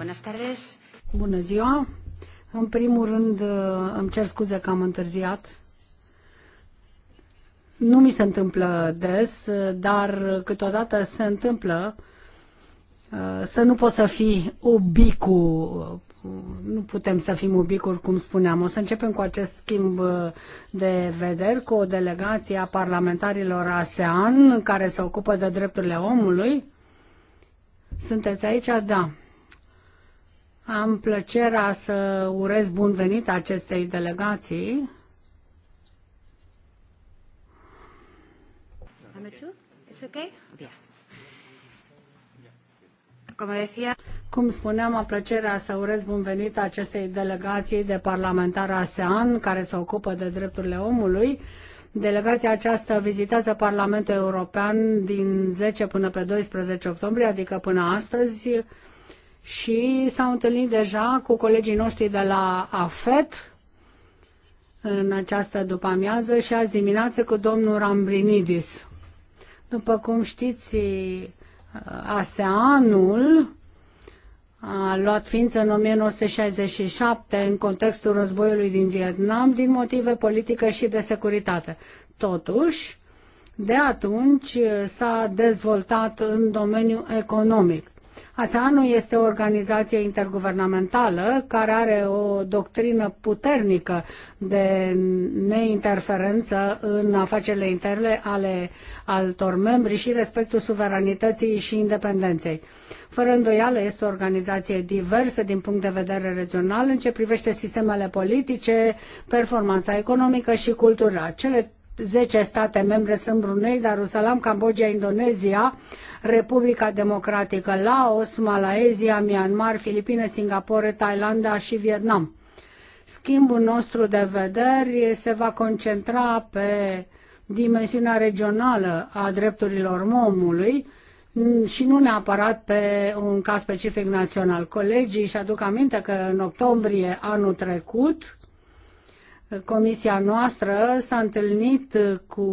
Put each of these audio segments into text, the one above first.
Buenas tardes. Bună ziua. În primul rând, uh, îmi cer scuze că am întârziat. Nu mi se întâmplă des, uh, dar câteodată se întâmplă uh, să nu poți să fii ubicu, nu putem să fim ubicuri, cum spuneam. O să începem cu acest schimb de vederi cu o delegație a parlamentarilor ASEAN care se ocupă de drepturile omului. Sunteți aici? Da. Am plăcerea să urez bun venit acestei delegații. Cum spuneam, am plăcerea să urez bun venit acestei delegații de parlamentar ASEAN care se ocupă de drepturile omului. Delegația aceasta vizitează Parlamentul European din 10 până pe 12 octombrie, adică până astăzi și s-au întâlnit deja cu colegii noștri de la AFET în această după-amiază și azi dimineață cu domnul Rambrinidis. După cum știți, ASEANul a luat ființă în 1967 în contextul războiului din Vietnam din motive politice și de securitate. Totuși, de atunci s-a dezvoltat în domeniul economic. ASEANU este o organizație interguvernamentală care are o doctrină puternică de neinterferență în afacerile interne ale altor membri și respectul suveranității și independenței. Fără îndoială este o organizație diversă din punct de vedere regional în ce privește sistemele politice, performanța economică și cultura. Cele 10 state membre sunt Brunei, Darussalam, Cambodgia, Indonezia, Republica Democratică, Laos, Malaezia, Myanmar, Filipine, Singapore, Thailanda și Vietnam. Schimbul nostru de vederi se va concentra pe dimensiunea regională a drepturilor omului, și nu neapărat pe un caz specific național. Colegii își aduc aminte că în octombrie anul trecut Comisia noastră s-a întâlnit cu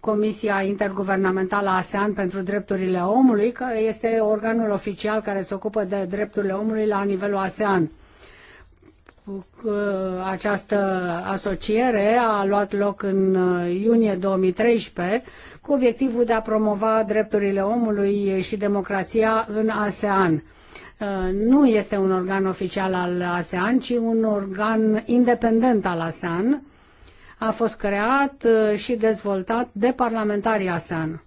Comisia Interguvernamentală ASEAN pentru Drepturile Omului, că este organul oficial care se ocupă de drepturile omului la nivelul ASEAN. Această asociere a luat loc în iunie 2013 cu obiectivul de a promova drepturile omului și democrația în ASEAN Uh, nu este un organ oficial al ASEAN, ci un organ independent al ASEAN. A fost creat uh, și dezvoltat de parlamentarii ASEAN.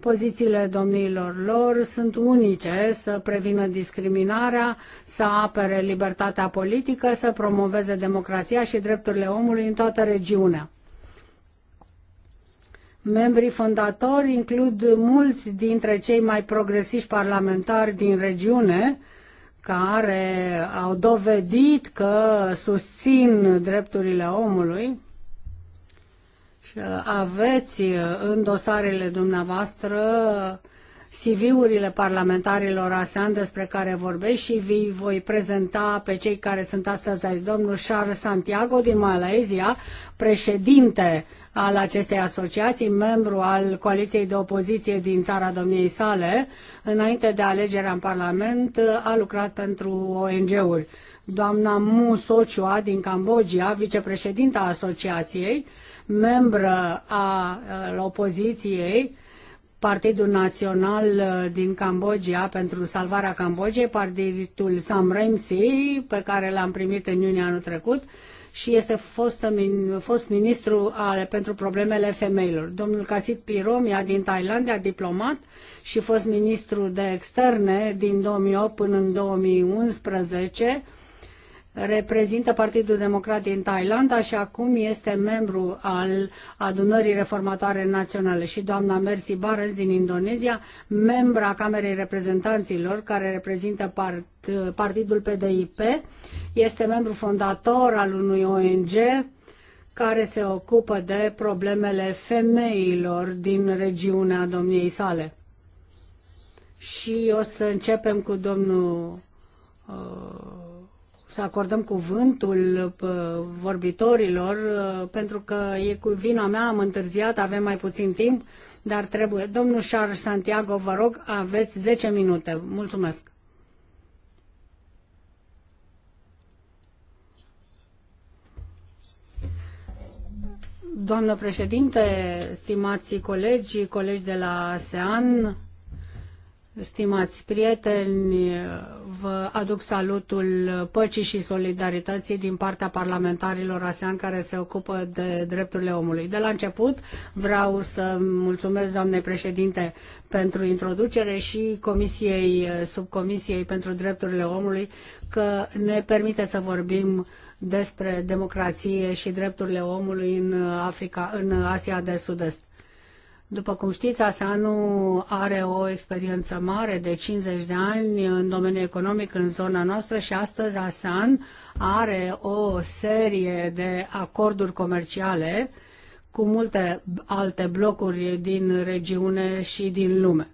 Pozițiile domniilor lor sunt unice să prevină discriminarea, să apere libertatea politică, să promoveze democrația și drepturile omului în toată regiunea Membrii fondatori includ mulți dintre cei mai progresiști parlamentari din regiune, care au dovedit că susțin drepturile omului. Uh, aveți uh, în dosarele dumneavoastră CV-urile parlamentarilor ASEAN despre care vorbesc și vi voi prezenta pe cei care sunt astăzi aici. Domnul Charles Santiago din Malaezia, președinte al acestei asociații, membru al coaliției de opoziție din țara domniei sale, înainte de alegerea în Parlament, a lucrat pentru ONG-uri. Doamna Mu Sociua din Cambodgia, vicepreședinta asociației, membră a opoziției, Partidul Național uh, din Cambodgia pentru salvarea Cambodgiei, partidul Sam Ramsey, pe care l-am primit în iunie anul trecut, și este fost, fost ministru ale, pentru problemele femeilor. Domnul Casit Piromia din Thailandia, diplomat și fost ministru de externe din 2008 până în 2011, reprezintă Partidul Democrat din Thailanda și acum este membru al adunării reformatoare naționale și doamna Mercy Barres din Indonezia, membra Camerei Reprezentanților, care reprezintă part, Partidul PDIP, este membru fondator al unui ONG care se ocupă de problemele femeilor din regiunea domniei sale. Și o să începem cu domnul uh, să acordăm cuvântul vorbitorilor, pentru că e cu vina mea, am întârziat, avem mai puțin timp, dar trebuie. Domnul Charles Santiago, vă rog, aveți 10 minute. Mulțumesc. Doamnă președinte, stimații colegi, colegi de la ASEAN, Stimați prieteni, vă aduc salutul păcii și solidarității din partea parlamentarilor ASEAN care se ocupă de drepturile omului. De la început vreau să mulțumesc doamnei președinte pentru introducere și comisiei, subcomisiei pentru drepturile omului că ne permite să vorbim despre democrație și drepturile omului în Africa, în Asia de Sud-Est. După cum știți, ASEANU are o experiență mare de 50 de ani în domeniul economic în zona noastră și astăzi ASEAN are o serie de acorduri comerciale cu multe alte blocuri din regiune și din lume.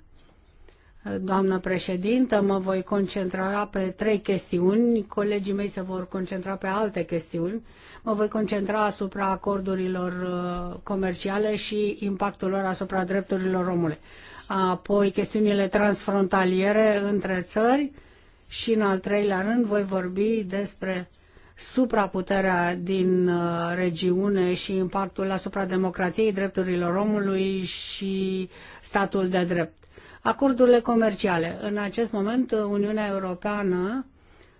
Doamnă președintă, mă voi concentra pe trei chestiuni, colegii mei se vor concentra pe alte chestiuni. Mă voi concentra asupra acordurilor uh, comerciale și impactul lor asupra drepturilor omului. Apoi chestiunile transfrontaliere între țări și în al treilea rând voi vorbi despre supraputerea din uh, regiune și impactul asupra democrației, drepturilor omului și statul de drept Acordurile comerciale. În acest moment, Uniunea Europeană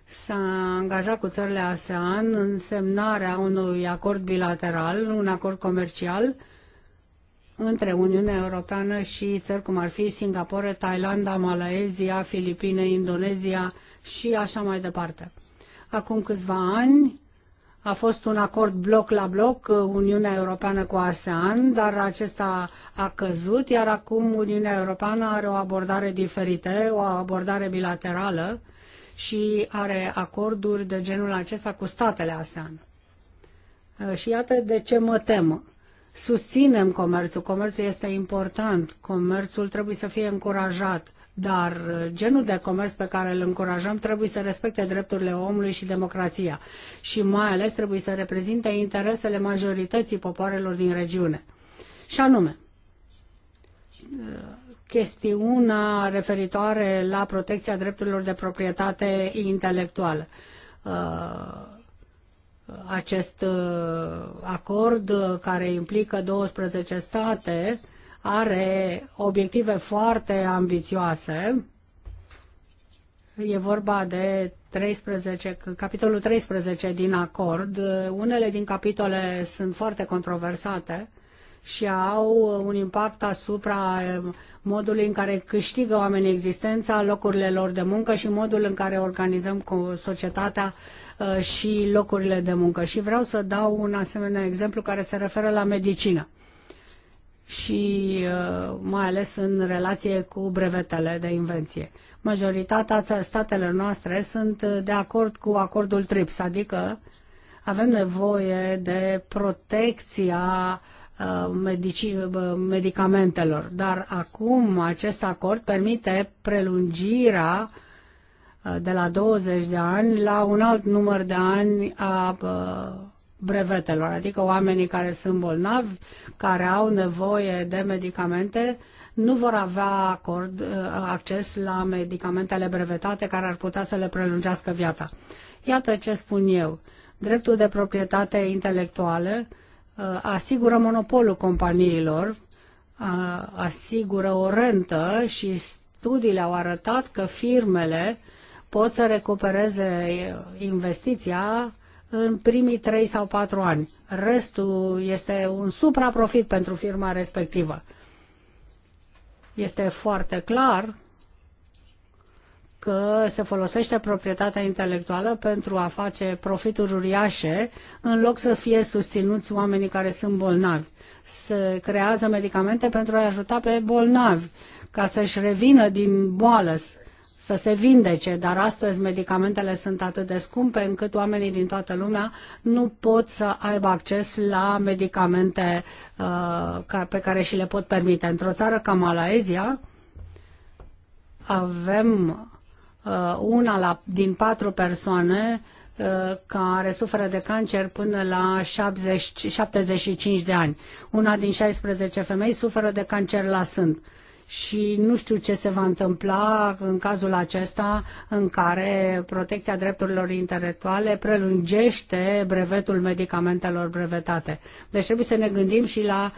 s-a angajat cu țările ASEAN în semnarea unui acord bilateral, un acord comercial între Uniunea Europeană și țări cum ar fi Singapore, Thailanda, Malaezia, Filipine, Indonezia și așa mai departe. Acum câțiva ani, a fost un acord bloc la bloc, uh, Uniunea Europeană cu ASEAN, dar acesta a căzut, iar acum Uniunea Europeană are o abordare diferită, o abordare bilaterală și are acorduri de genul acesta cu statele ASEAN. Uh, și iată de ce mă tem. Susținem comerțul, comerțul este important, comerțul trebuie să fie încurajat dar uh, genul de comerț pe care îl încurajăm trebuie să respecte drepturile omului și democrația și mai ales trebuie să reprezinte interesele majorității popoarelor din regiune. Și anume, uh, chestiunea referitoare la protecția drepturilor de proprietate intelectuală. Uh, acest acord care implică 12 state are obiective foarte ambițioase. E vorba de 13, capitolul 13 din acord. Unele din capitole sunt foarte controversate și au un impact asupra modului în care câștigă oamenii existența, locurile lor de muncă și modul în care organizăm cu societatea uh, și locurile de muncă. Și vreau să dau un asemenea exemplu care se referă la medicină și uh, mai ales în relație cu brevetele de invenție. Majoritatea statelor noastre sunt de acord cu acordul TRIPS, adică avem nevoie de protecția uh, uh, medicamentelor. Dar acum acest acord permite prelungirea de la 20 de ani la un alt număr de ani a brevetelor, adică oamenii care sunt bolnavi, care au nevoie de medicamente, nu vor avea acord, uh, acces la medicamentele brevetate care ar putea să le prelungească viața. Iată ce spun eu. Dreptul de proprietate intelectuală uh, asigură monopolul companiilor, uh, asigură o rentă și studiile au arătat că firmele pot să recupereze investiția în primii 3 sau 4 ani. Restul este un supraprofit pentru firma respectivă. Este foarte clar că se folosește proprietatea intelectuală pentru a face profituri uriașe în loc să fie susținuți oamenii care sunt bolnavi. Se creează medicamente pentru a ajuta pe bolnavi ca să-și revină din boală, să se vindece, dar astăzi medicamentele sunt atât de scumpe încât oamenii din toată lumea nu pot să aibă acces la medicamente uh, pe care și le pot permite. Într-o țară ca Malaezia avem uh, una la, din patru persoane uh, care suferă de cancer până la 70, 75 de ani. Una din 16 femei suferă de cancer la sân. Uh, și nu știu ce se va întâmpla în cazul acesta în care protecția drepturilor intelectuale prelungește brevetul medicamentelor brevetate. Deci trebuie să ne gândim și la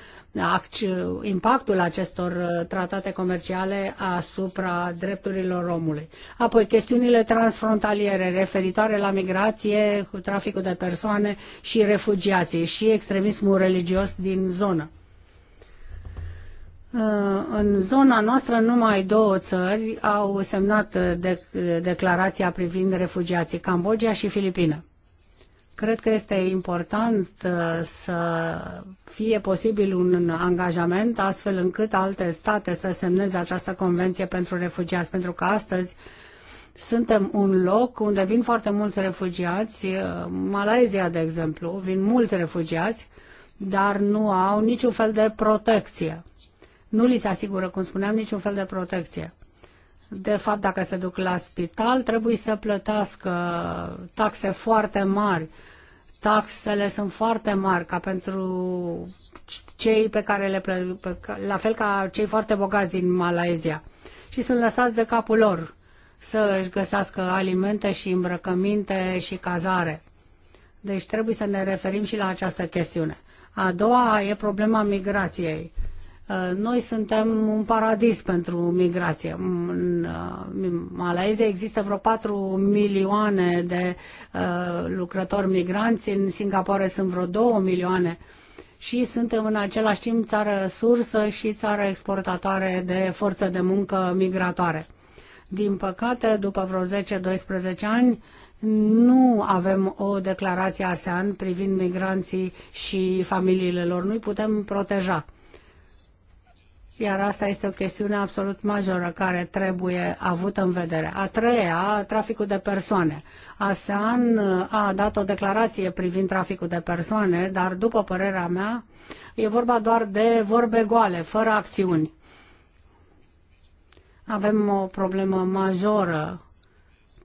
impactul acestor uh, tratate comerciale asupra drepturilor omului. Apoi, chestiunile transfrontaliere referitoare la migrație, traficul de persoane și refugiații și extremismul religios din zonă. Uh, în zona noastră numai două țări au semnat uh, de- declarația privind refugiații, Cambodgia și Filipina. Cred că este important uh, să fie posibil un angajament astfel încât alte state să semneze această convenție pentru refugiați, pentru că astăzi suntem un loc unde vin foarte mulți refugiați, Malaezia, de exemplu, vin mulți refugiați, dar nu au niciun fel de protecție nu li se asigură, cum spuneam, niciun fel de protecție. De fapt, dacă se duc la spital, trebuie să plătească taxe foarte mari. Taxele sunt foarte mari, ca pentru cei pe care le plă... la fel ca cei foarte bogați din Malaezia. Și sunt lăsați de capul lor să își găsească alimente și îmbrăcăminte și cazare. Deci trebuie să ne referim și la această chestiune. A doua e problema migrației. Uh, noi suntem un paradis pentru migrație. În uh, Malaezia există vreo 4 milioane de uh, lucrători migranți, în Singapore sunt vreo 2 milioane și suntem în același timp țară sursă și țară exportatoare de forță de muncă migratoare. Din păcate, după vreo 10-12 ani, nu avem o declarație ASEAN privind migranții și familiile lor. Nu-i putem proteja iar asta este o chestiune absolut majoră care trebuie avută în vedere. A treia, traficul de persoane. ASEAN a dat o declarație privind traficul de persoane, dar după părerea mea e vorba doar de vorbe goale, fără acțiuni. Avem o problemă majoră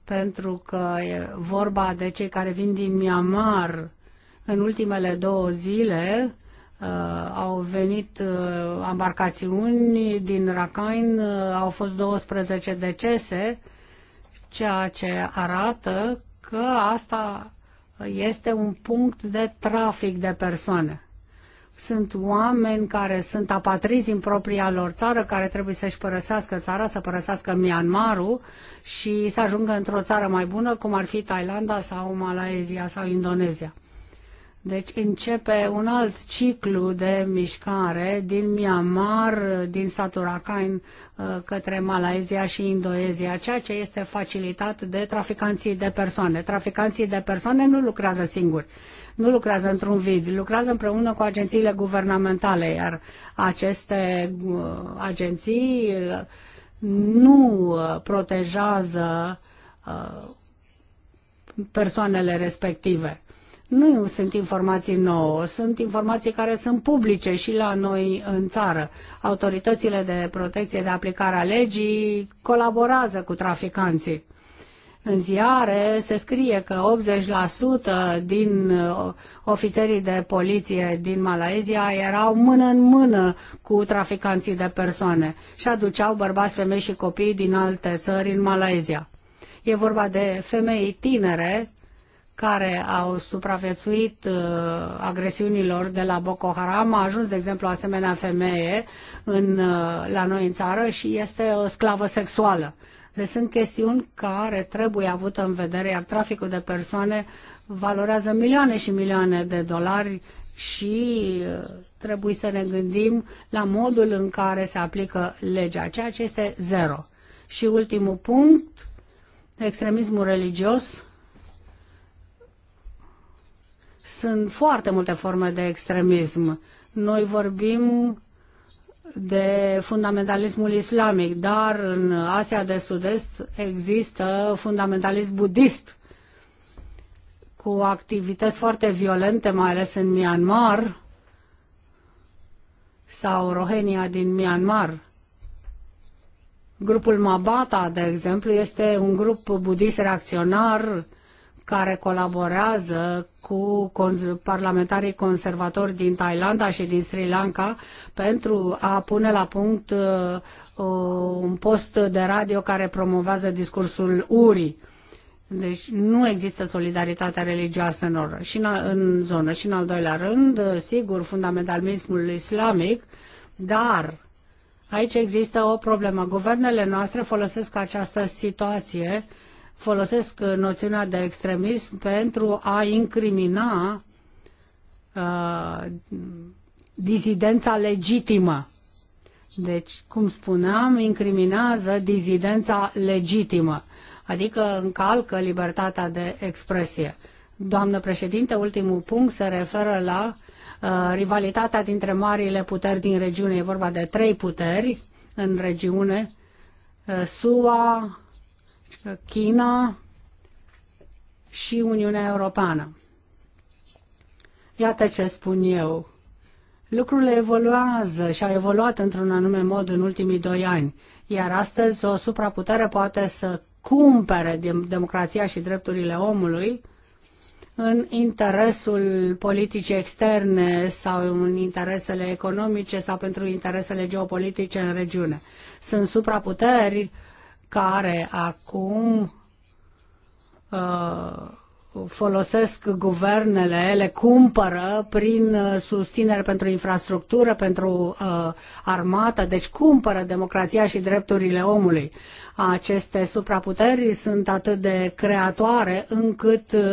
pentru că e vorba de cei care vin din Myanmar în ultimele două zile Uh, au venit uh, embarcațiuni din Rakhine, uh, au fost 12 decese, ceea ce arată că asta este un punct de trafic de persoane. Sunt oameni care sunt apatrizi în propria lor țară, care trebuie să-și părăsească țara, să părăsească Myanmarul și să ajungă într-o țară mai bună, cum ar fi Thailanda sau Malaezia sau Indonezia. Deci începe un alt ciclu de mișcare din Myanmar, din statul Rakhine uh, către Malaezia și Indoezia, ceea ce este facilitat de traficanții de persoane. Traficanții de persoane nu lucrează singuri, nu lucrează într-un vid, lucrează împreună cu agențiile guvernamentale, iar aceste uh, agenții uh, nu protejează persoanele respective. Nu sunt informații nouă, sunt informații care sunt publice și la noi în țară. Autoritățile de protecție de aplicare a legii colaborează cu traficanții. În ziare se scrie că 80% din uh, ofițerii de poliție din Malaezia erau mână în mână cu traficanții de persoane și aduceau bărbați, femei și copii din alte țări în Malaezia. E vorba de femei tinere care au supraviețuit uh, agresiunilor de la Boko Haram. A ajuns, de exemplu, asemenea femeie în, uh, la noi în țară și este o sclavă sexuală. Deci sunt chestiuni care trebuie avută în vedere, iar traficul de persoane valorează milioane și milioane de dolari și uh, trebuie să ne gândim la modul în care se aplică legea, ceea ce este zero. Și ultimul punct, extremismul religios. Sunt foarte multe forme de extremism. Noi vorbim de fundamentalismul islamic, dar în Asia de Sud-Est există fundamentalism budist cu activități foarte violente, mai ales în Myanmar sau Rohenia din Myanmar. Grupul Mabata, de exemplu, este un grup budist reacționar care colaborează cu parlamentarii conservatori din Thailanda și din Sri Lanka pentru a pune la punct uh, un post de radio care promovează discursul URI. Deci nu există solidaritatea religioasă în, oră, și în, în zonă. Și în al doilea rând, sigur, fundamentalismul islamic, dar Aici există o problemă. Guvernele noastre folosesc această situație, folosesc uh, noțiunea de extremism pentru a incrimina uh, dizidența legitimă. Deci, cum spuneam, incriminează dizidența legitimă, adică încalcă libertatea de expresie. Doamnă președinte, ultimul punct se referă la Uh, rivalitatea dintre marile puteri din regiune. E vorba de trei puteri în regiune. Uh, SUA, China și Uniunea Europeană. Iată ce spun eu. Lucrurile evoluează și au evoluat într-un anume mod în ultimii doi ani, iar astăzi o supraputere poate să cumpere democrația și drepturile omului, în interesul politicii externe sau în interesele economice sau pentru interesele geopolitice în regiune. Sunt supraputeri care acum uh, folosesc guvernele, le cumpără prin uh, susținere pentru infrastructură, pentru uh, armată, deci cumpără democrația și drepturile omului. Aceste supraputeri sunt atât de creatoare încât uh,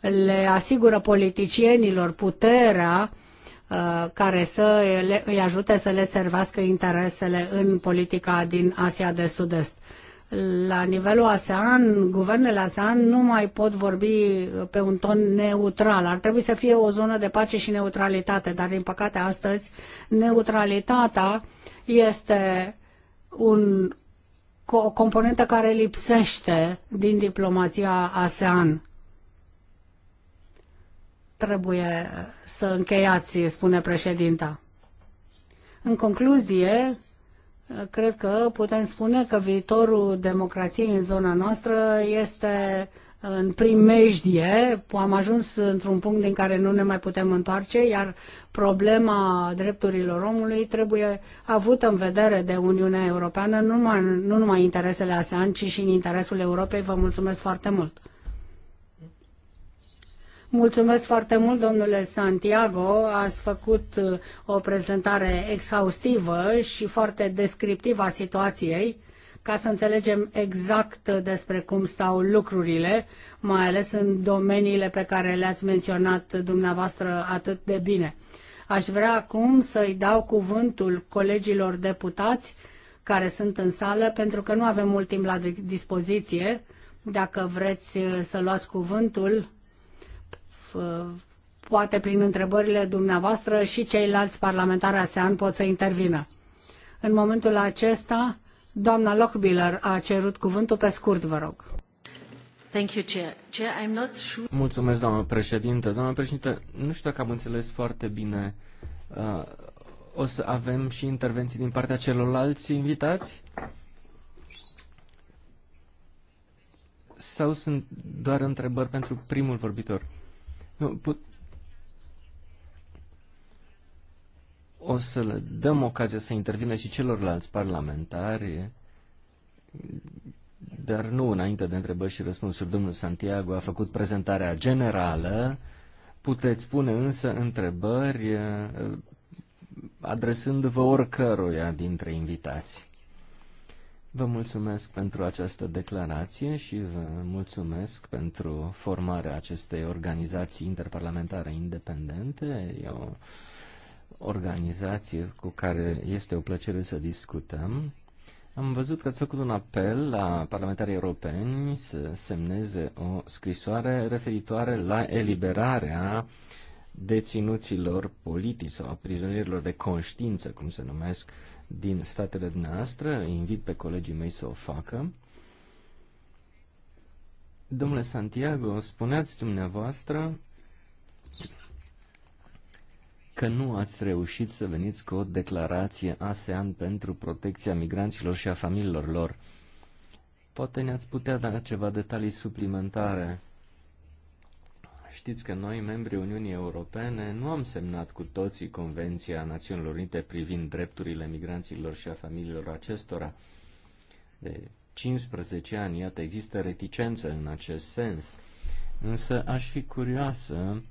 le asigură politicienilor puterea uh, care să le, îi ajute să le servească interesele în politica din Asia de Sud-Est. La nivelul ASEAN, guvernele ASEAN nu mai pot vorbi pe un ton neutral. Ar trebui să fie o zonă de pace și neutralitate, dar din păcate astăzi neutralitatea este un, o componentă care lipsește din diplomația ASEAN Trebuie să încheiați, spune președinta. În concluzie, cred că putem spune că viitorul democrației în zona noastră este în primejdie, am ajuns într-un punct din care nu ne mai putem întoarce, iar problema drepturilor omului trebuie avută în vedere de Uniunea Europeană, nu numai, nu numai interesele ASEAN, ci și în interesul Europei. Vă mulțumesc foarte mult! Mulțumesc foarte mult, domnule Santiago. Ați făcut uh, o prezentare exhaustivă și foarte descriptivă a situației ca să înțelegem exact despre cum stau lucrurile, mai ales în domeniile pe care le-ați menționat dumneavoastră atât de bine. Aș vrea acum să-i dau cuvântul colegilor deputați care sunt în sală, pentru că nu avem mult timp la dispoziție. Dacă vreți uh, să luați cuvântul, Uh, poate prin întrebările dumneavoastră și ceilalți parlamentari ASEAN pot să intervină. În momentul acesta, doamna Lochbiller a cerut cuvântul pe scurt, vă rog. Thank you, Chair. Chair, I'm not sure... Mulțumesc, doamnă președinte. Doamnă președinte, nu știu dacă am înțeles foarte bine. Uh, o să avem și intervenții din partea celorlalți invitați? Sau sunt doar întrebări pentru primul vorbitor? Nu, put... O să le dăm ocazia să intervină și celorlalți parlamentari, dar nu înainte de întrebări și răspunsuri. Domnul Santiago a făcut prezentarea generală. Puteți pune însă întrebări eh, adresându-vă oricăruia dintre invitații. Vă mulțumesc pentru această declarație și vă mulțumesc pentru formarea acestei organizații interparlamentare independente. E o organizație cu care este o plăcere să discutăm. Am văzut că ați făcut un apel la parlamentarii europeni să semneze o scrisoare referitoare la eliberarea deținuților politici sau a prizonierilor de conștiință, cum se numesc, din statele dumneavoastră, invit pe colegii mei să o facă. Domnule Santiago, spuneați dumneavoastră că nu ați reușit să veniți cu o declarație ASEAN pentru protecția migranților și a familiilor lor. Poate ne-ați putea da ceva detalii suplimentare Știți că noi, membrii Uniunii Europene, nu am semnat cu toții Convenția Națiunilor Unite privind drepturile migranților și a familiilor acestora. De 15 ani, iată, există reticență în acest sens. Însă aș fi curioasă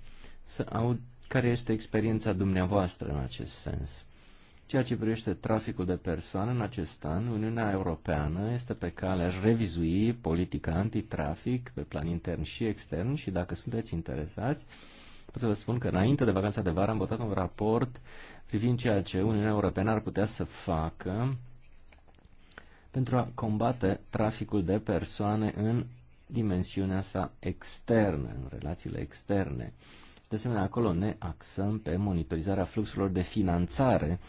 să aud care este experiența dumneavoastră în acest sens ceea ce privește traficul de persoane în acest an, Uniunea Europeană este pe cale a revizui politica antitrafic pe plan intern și extern și dacă sunteți interesați, pot să vă spun că înainte de vacanța de vară am votat un raport privind ceea ce Uniunea Europeană ar putea să facă pentru a combate traficul de persoane în dimensiunea sa externă, în relațiile externe. De asemenea, acolo ne axăm pe monitorizarea fluxurilor de finanțare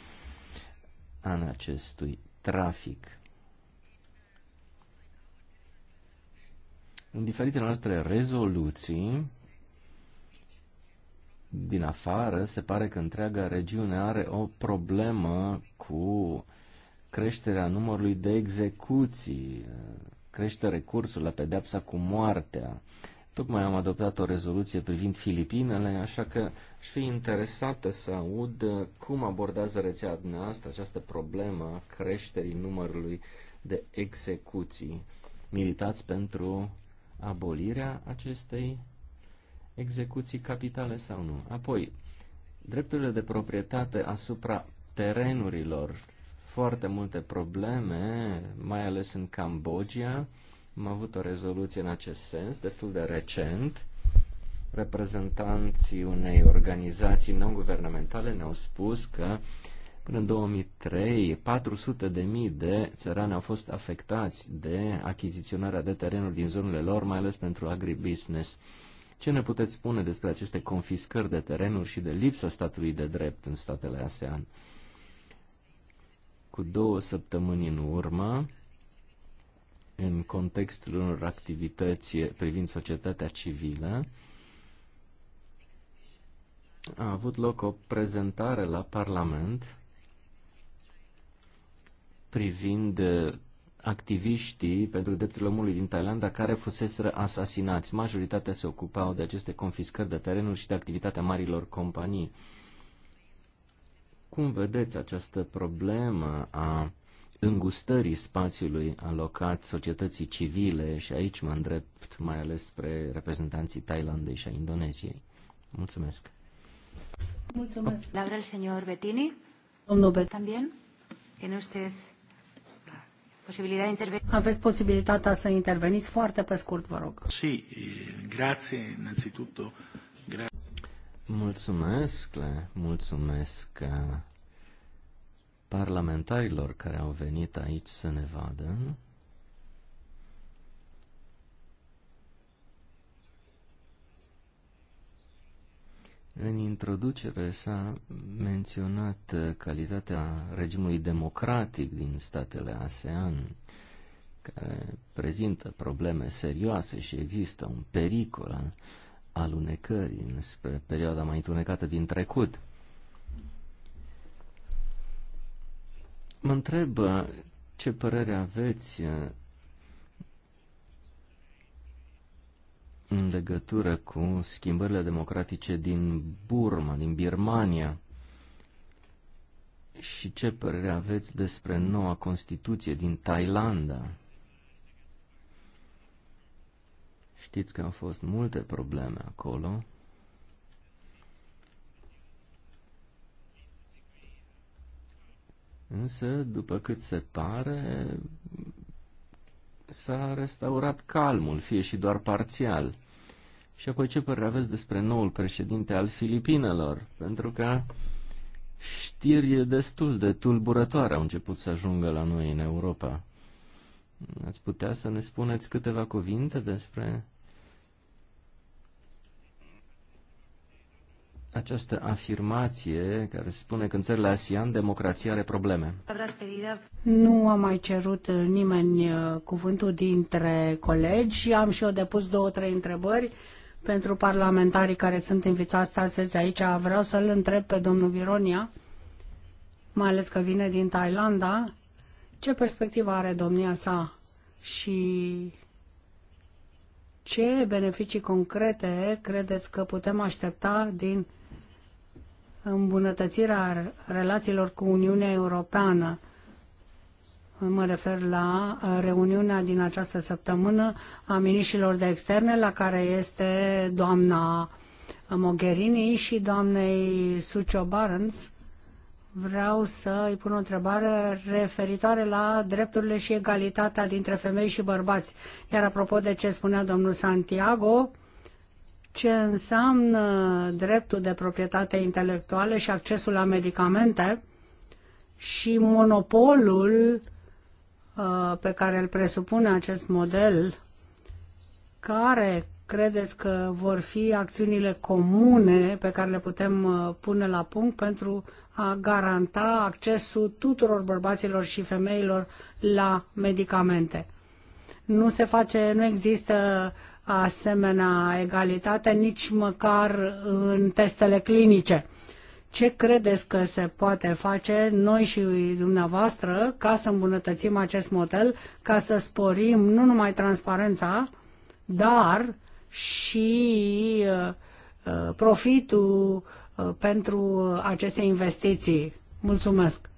an acestui trafic. În diferitele noastre rezoluții, din afară, se pare că întreaga regiune are o problemă cu creșterea numărului de execuții, crește recursul la pedepsa cu moartea. Tocmai am adoptat o rezoluție privind Filipinele, așa că aș fi interesată să aud uh, cum abordează rețeaua dumneavoastră această problemă a creșterii numărului de execuții. Militați pentru abolirea acestei execuții capitale sau nu. Apoi, drepturile de proprietate asupra terenurilor. Foarte multe probleme, mai ales în Cambodgia, am avut o rezoluție în acest sens, destul de recent. Reprezentanții unei organizații non-guvernamentale ne-au spus că până în 2003, 400 de mii de țărani au fost afectați de achiziționarea de terenuri din zonele lor, mai ales pentru agribusiness. Ce ne puteți spune despre aceste confiscări de terenuri și de lipsa statului de drept în statele ASEAN? Cu două săptămâni în urmă, în contextul unor activități privind societatea civilă, a avut loc o prezentare la Parlament privind uh, activiștii pentru drepturile omului din Thailanda care fuseseră asasinați. Majoritatea se ocupau de aceste confiscări de terenuri și de activitatea marilor companii. Cum vedeți această problemă a îngustării spațiului alocat societății civile și aici mă îndrept mai ales spre reprezentanții Thailandei și a Indoneziei. Mulțumesc. Mulțumesc. La el senor Bettini. Domnul Bettini. También. Tiene usted posibilidad de intervenir. Aveți posibilitatea să interveniți foarte pe scurt, vă rog. Sí, eh, grazie, innanzitutto. Grazie. Mulțumesc, le mulțumesc uh, parlamentarilor care au venit aici să ne vadă. În introducere s-a menționat calitatea regimului democratic din statele ASEAN, care prezintă probleme serioase și există un pericol al alunecării spre perioada mai întunecată din trecut. Mă întreb ce părere aveți uh, în legătură cu schimbările democratice din Burma, din Birmania și ce părere aveți despre noua Constituție din Thailanda. Știți că au fost multe probleme acolo. Însă, după cât se pare, s-a restaurat calmul, fie și doar parțial. Și apoi ce părere aveți despre noul președinte al Filipinelor? Pentru că știri destul de tulburătoare au început să ajungă la noi în Europa. Ați putea să ne spuneți câteva cuvinte despre această afirmație care spune că în țările ASEAN democrația are probleme. Nu am mai cerut nimeni uh, cuvântul dintre colegi și am și eu depus două, trei întrebări pentru parlamentarii care sunt invitați astăzi aici. Vreau să-l întreb pe domnul Vironia, mai ales că vine din Thailanda, ce perspectivă are domnia sa și ce beneficii concrete credeți că putem aștepta din îmbunătățirea relațiilor cu Uniunea Europeană. Mă refer la reuniunea din această săptămână a miniștrilor de externe, la care este doamna Mogherini și doamnei Sucio Barnes. Vreau să îi pun o întrebare referitoare la drepturile și egalitatea dintre femei și bărbați. Iar apropo de ce spunea domnul Santiago, ce înseamnă dreptul de proprietate intelectuală și accesul la medicamente și monopolul uh, pe care îl presupune acest model, care credeți că vor fi acțiunile comune pe care le putem uh, pune la punct pentru a garanta accesul tuturor bărbaților și femeilor la medicamente. Nu se face, nu există asemenea egalitate nici măcar în testele clinice. Ce credeți că se poate face noi și dumneavoastră ca să îmbunătățim acest model, ca să sporim nu numai transparența, dar și uh, uh, profitul uh, pentru aceste investiții? Mulțumesc!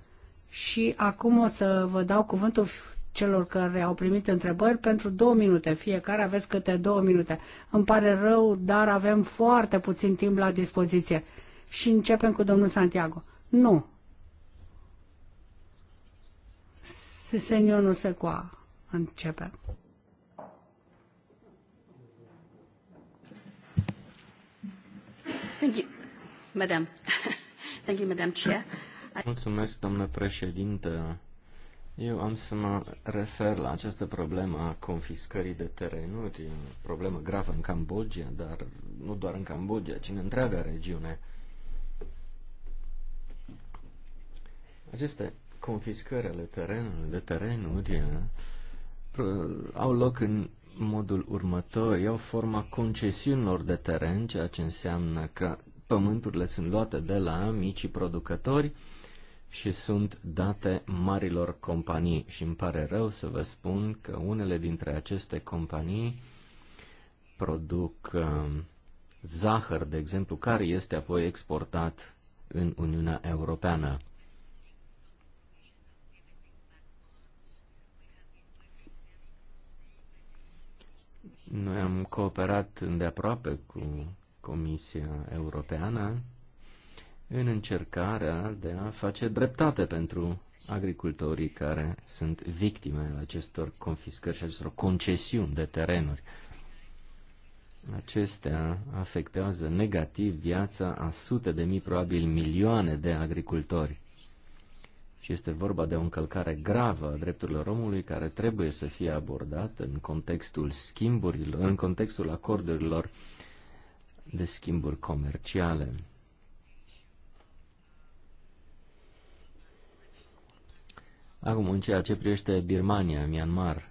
Și acum o să vă dau cuvântul celor care au primit întrebări pentru două minute. Fiecare aveți câte două minute. Îmi pare rău, dar avem foarte puțin timp la dispoziție. Și începem cu domnul Santiago. Nu. Senionul Secoa. Începe. Thank you, madam. Thank you, madam chair. Mulțumesc, doamnă președintă. Eu am să mă refer la această problemă a confiscării de terenuri, o problemă gravă în Cambodgia, dar nu doar în Cambodgia, ci în întreaga regiune. Aceste confiscări ale terenului, de terenuri au loc în modul următor, iau forma concesiunilor de teren, ceea ce înseamnă că pământurile sunt luate de la micii producători, și sunt date marilor companii. Și îmi pare rău să vă spun că unele dintre aceste companii produc um, zahăr, de exemplu, care este apoi exportat în Uniunea Europeană. Noi am cooperat îndeaproape cu Comisia Europeană în încercarea de a face dreptate pentru agricultorii care sunt victime ale acestor confiscări și acestor concesiuni de terenuri. Acestea afectează negativ viața a sute de mii, probabil milioane de agricultori. Și este vorba de o încălcare gravă a drepturilor omului care trebuie să fie abordată în contextul schimburilor, în contextul acordurilor de schimburi comerciale. Acum, în ceea ce privește Birmania, Myanmar,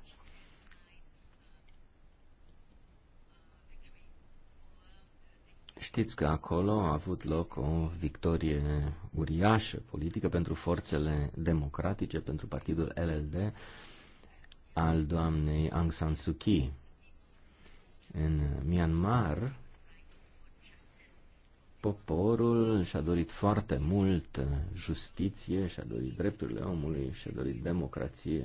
Știți că acolo a avut loc o victorie uriașă politică pentru forțele democratice, pentru partidul LLD al doamnei Aung San Suu Kyi. În Myanmar, Poporul și-a dorit foarte mult uh, justiție, și-a dorit drepturile omului, și-a dorit democrație.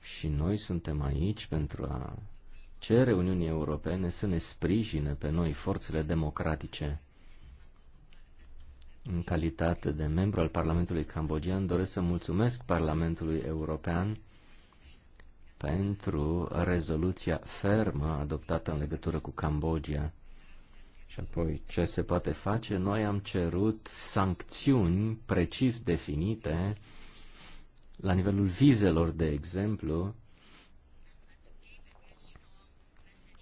Și noi suntem aici pentru a cere Uniunii Europene să ne sprijine pe noi forțele democratice. În calitate de membru al Parlamentului Cambodgian, doresc să mulțumesc Parlamentului European pentru rezoluția fermă adoptată în legătură cu Cambodgia. Și apoi ce se poate face? Noi am cerut sancțiuni precis definite la nivelul vizelor, de exemplu,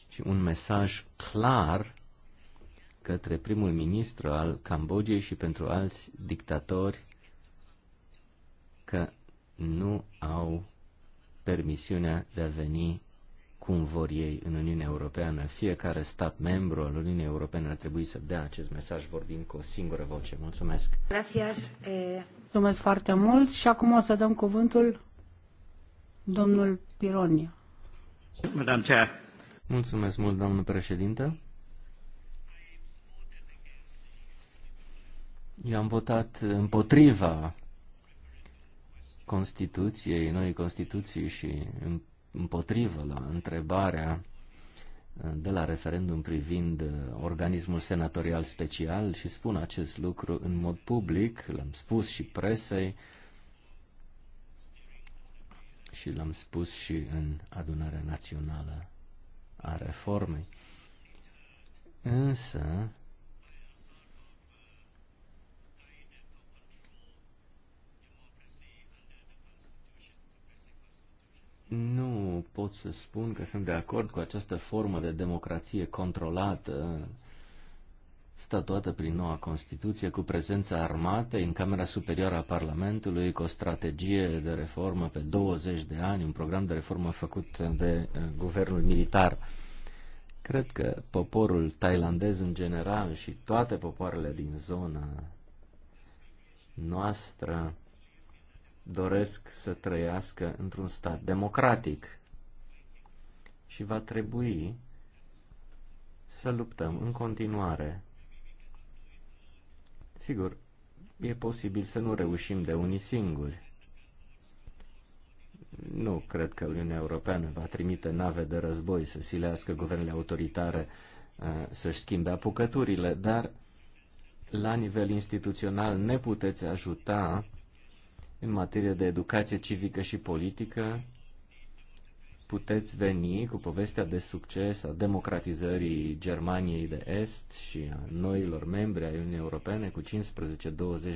și un mesaj clar către primul ministru al Cambodgiei și pentru alți dictatori că nu au permisiunea de a veni cum vor ei în Uniunea Europeană. Fiecare stat membru al Uniunii Europene ar trebui să dea acest mesaj vorbind cu o singură voce. Mulțumesc! Gracias. Eh. Mulțumesc foarte mult și acum o să dăm cuvântul domnul Pironia. Mulțumesc mult, domnul președinte. Eu am votat împotriva Constituției, noi Constituții și în împotrivă la întrebarea uh, de la referendum privind uh, organismul senatorial special și spun acest lucru în mod public, l-am spus și presei și l-am spus și în adunarea națională a reformei. Însă, Nu pot să spun că sunt de acord cu această formă de democrație controlată, statuată prin noua Constituție, cu prezența armatei în Camera Superioară a Parlamentului, cu o strategie de reformă pe 20 de ani, un program de reformă făcut de eh, guvernul militar. Cred că poporul tailandez în general și toate popoarele din zona noastră doresc să trăiască într-un stat democratic. Și va trebui să luptăm în continuare. Sigur, e posibil să nu reușim de unii singuri. Nu cred că Uniunea Europeană va trimite nave de război să silească guvernele autoritare uh, să-și schimbe apucăturile, dar la nivel instituțional ne puteți ajuta în materie de educație civică și politică, puteți veni cu povestea de succes a democratizării Germaniei de Est și a noilor membri ai Uniunii Europene cu 15-20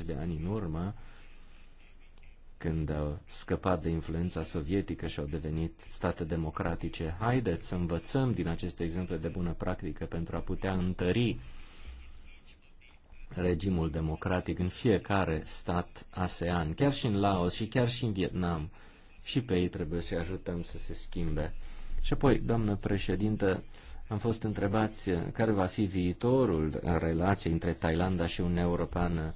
de ani în urmă, când au scăpat de influența sovietică și au devenit state democratice. Haideți să învățăm din aceste exemple de bună practică pentru a putea întări regimul democratic în fiecare stat ASEAN, chiar și în Laos și chiar și în Vietnam. Și pe ei trebuie să-i ajutăm să se schimbe. Și apoi, doamnă președintă, am fost întrebați uh, care va fi viitorul în relație între Thailanda și Uniunea Europeană.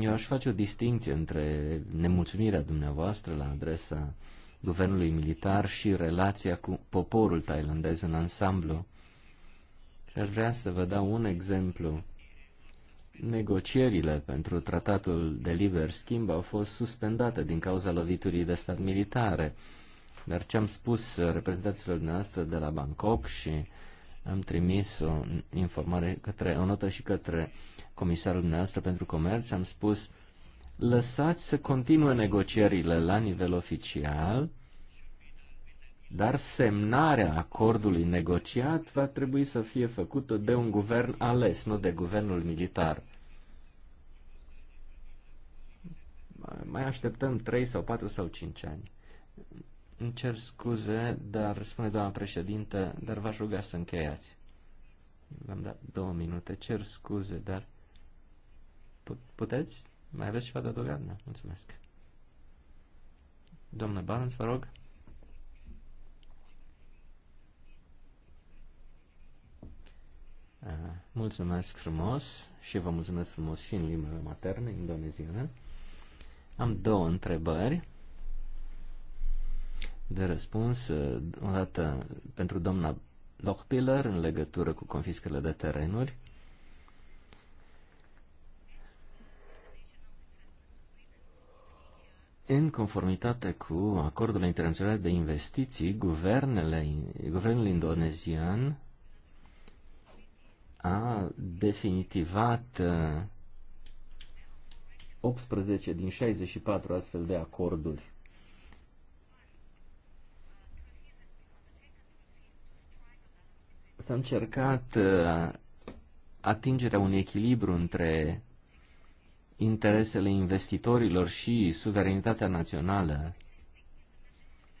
Eu aș face o distinție între nemulțumirea dumneavoastră la adresa guvernului militar și relația cu poporul thailandez în ansamblu. Și aș vrea să vă dau un exemplu. Negocierile pentru tratatul de liber schimb au fost suspendate din cauza loviturii de stat militare. Dar ce am spus reprezentanților noastre de la Bangkok și am trimis o informare către, o notă și către comisarul noastră pentru comerț, am spus lăsați să continue negocierile la nivel oficial, dar semnarea acordului negociat va trebui să fie făcută de un guvern ales, nu de guvernul militar. Mai așteptăm 3 sau 4 sau 5 ani. Îmi cer scuze, dar spune doamna președintă, dar v-aș ruga să încheiați. V-am dat două minute, cer scuze, dar puteți? Mai aveți ceva de adăugat? Da, mulțumesc. Domnule Balans, vă rog. Mulțumesc frumos și vă mulțumesc frumos și în limba maternă, indoneziană. Am două întrebări de răspuns. Uh, o dată pentru doamna Lockpiller în legătură cu confiscările de terenuri. În conformitate cu acordul internațional de investiții, guvernele, guvernul indonezian a definitivat 18 uh, din 64 astfel de acorduri. S-a încercat uh, atingerea unui echilibru între interesele investitorilor și suveranitatea națională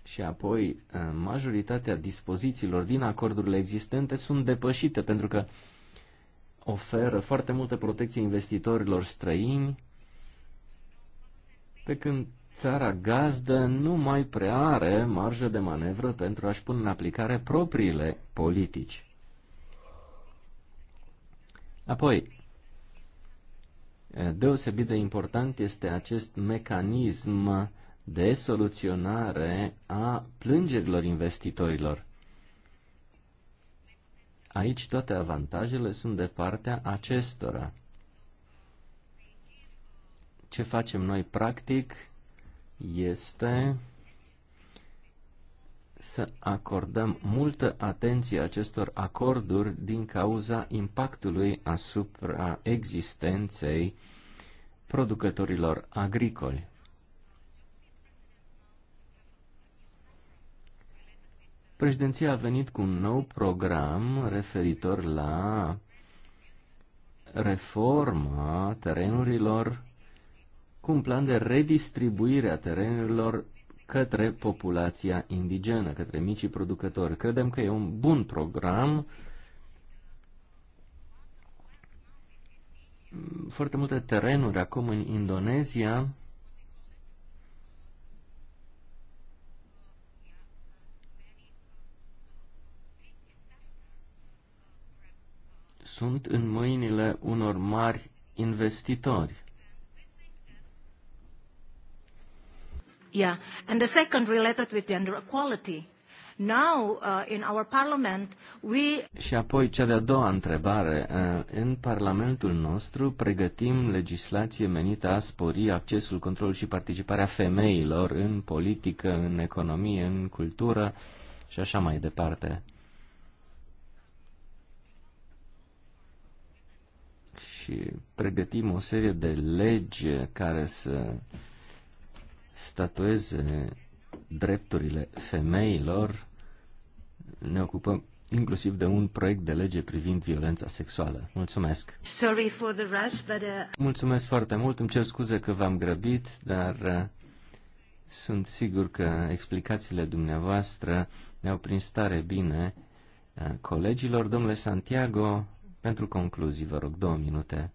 și apoi uh, majoritatea dispozițiilor din acordurile existente sunt depășite pentru că oferă foarte multă protecție investitorilor străini, pe când țara gazdă nu mai prea are marjă de manevră pentru a-și pune în aplicare propriile politici. Apoi, deosebit de important este acest mecanism de soluționare a plângerilor investitorilor. Aici toate avantajele sunt de partea acestora. Ce facem noi practic este să acordăm multă atenție acestor acorduri din cauza impactului asupra existenței producătorilor agricoli. Președinția a venit cu un nou program referitor la reforma terenurilor cu un plan de redistribuire a terenurilor către populația indigenă, către micii producători. Credem că e un bun program. Foarte multe terenuri acum în Indonezia sunt în mâinile unor mari investitori. Yeah, and the second related with gender equality. Now, uh, in our parliament, we... Și apoi cea de-a doua întrebare. Uh, în Parlamentul nostru pregătim legislație menită a spori accesul, controlul și participarea femeilor în politică, în economie, în cultură și așa mai departe. și pregătim o serie de legi care să statueze drepturile femeilor. Ne ocupăm inclusiv de un proiect de lege privind violența sexuală. Mulțumesc! Sorry for the rush, but, uh... Mulțumesc foarte mult, îmi cer scuze că v-am grăbit, dar uh, sunt sigur că explicațiile dumneavoastră ne-au prins tare bine uh, colegilor. Domnule Santiago, pentru concluzii, vă rog, două minute.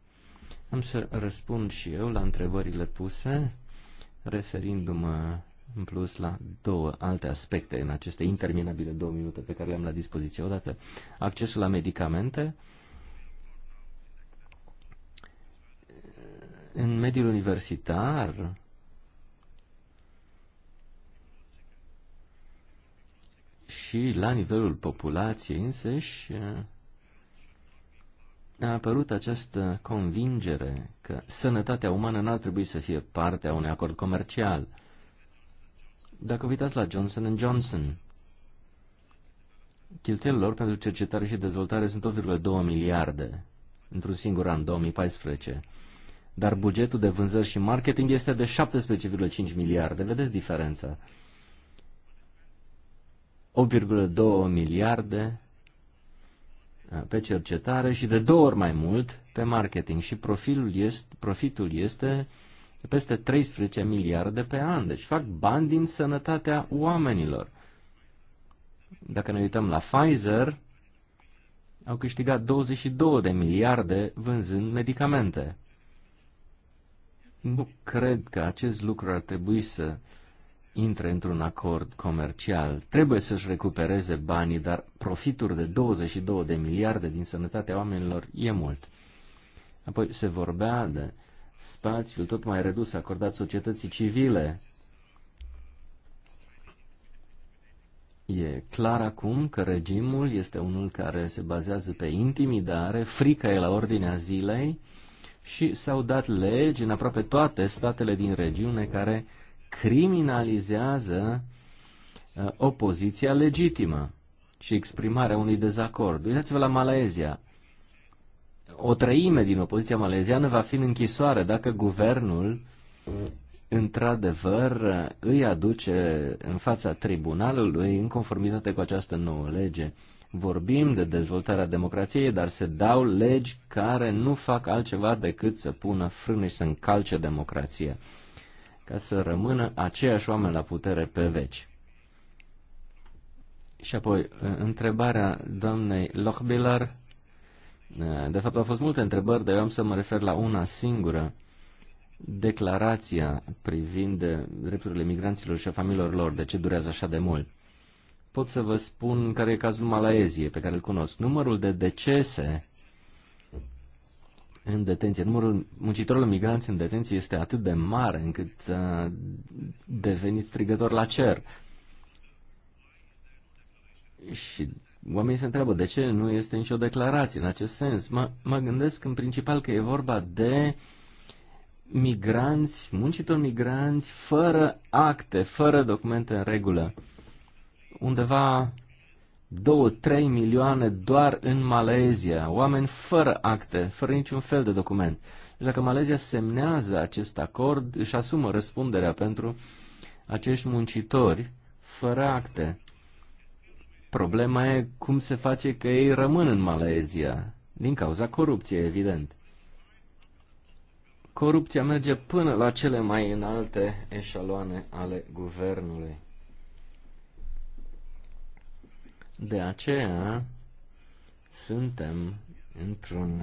Am să răspund și eu la întrebările puse, referindu-mă în plus la două alte aspecte în aceste interminabile două minute pe care le-am la dispoziție. Odată, accesul la medicamente. În mediul universitar, și la nivelul populației însăși, a apărut această convingere că sănătatea umană n-ar trebui să fie parte a unui acord comercial. Dacă uitați la Johnson Johnson, cheltuielile lor pentru cercetare și dezvoltare sunt 1,2 miliarde într-un singur an, 2014, dar bugetul de vânzări și marketing este de 17,5 miliarde. Vedeți diferența? 8,2 miliarde Uh, pe cercetare și de două ori mai mult pe marketing și profilul este, profitul este peste 13 miliarde pe an. Deci fac bani din sănătatea oamenilor. Dacă ne uităm la Pfizer, au câștigat 22 de miliarde vânzând medicamente. Nu cred că acest lucru ar trebui să uh, intre într-un acord comercial. Trebuie să-și recupereze banii, dar profituri de 22 de miliarde din sănătatea oamenilor e mult. Apoi se vorbea de spațiul tot mai redus acordat societății civile. E clar acum că regimul este unul care se bazează pe intimidare, frica e la ordinea zilei și s-au dat legi în aproape toate statele din regiune care uh, criminalizează uh, opoziția legitimă și exprimarea unui dezacord. Uitați-vă la Malaezia. O treime din opoziția maleziană va fi în închisoare dacă guvernul într-adevăr îi aduce în fața tribunalului în conformitate cu această nouă lege. Vorbim de dezvoltarea democrației, dar se dau legi care nu fac altceva decât să pună frâne și să încalce democrația ca să rămână aceiași oameni la putere pe veci. Și apoi, întrebarea doamnei Lochbilar de fapt au fost multe întrebări, dar eu am să mă refer la una singură, declarația privind de drepturile migranților și a familiilor lor, de ce durează așa de mult. Pot să vă spun care e cazul Malaeziei, pe care îl cunosc. Numărul de decese în detenție. Numărul muncitorilor migranți în detenție este atât de mare încât a uh, strigător la cer. Și oamenii se întreabă de ce nu este nicio declarație în acest sens. Mă, mă gândesc în principal că e vorba de migranți, muncitori migranți, fără acte, fără documente în regulă. Undeva Două trei milioane doar în Malezia, oameni fără acte, fără niciun fel de document. Deci dacă Malezia semnează acest acord, își asumă răspunderea pentru acești muncitori fără acte. Problema e cum se face că ei rămân în Malezia, din cauza corupției, evident. Corupția merge până la cele mai înalte eșaloane ale guvernului. De aceea suntem într-un,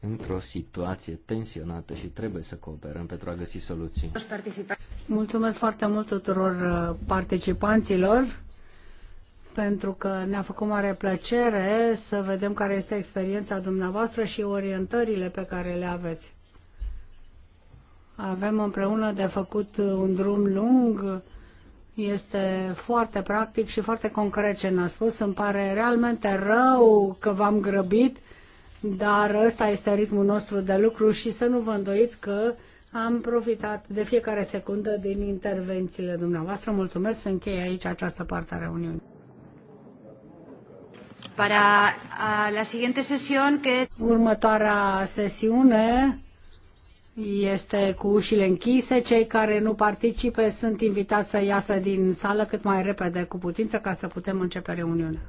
într-o situație tensionată și trebuie să cooperăm pentru a găsi soluții. Mulțumesc foarte mult tuturor uh, participanților pentru că ne-a făcut mare plăcere să vedem care este experiența dumneavoastră și orientările pe care le aveți. Avem împreună de făcut un drum lung este foarte practic și foarte concret ce ne-a spus. Îmi pare realmente rău că v-am grăbit, dar ăsta este ritmul nostru de lucru și să nu vă îndoiți că am profitat de fiecare secundă din intervențiile dumneavoastră. Mulțumesc să închei aici această parte a reuniunii. Para la siguiente sesión, que es... Următoarea sesiune este cu ușile închise. Cei care nu participe sunt invitați să iasă din sală cât mai repede cu putință ca să putem începe reuniunea.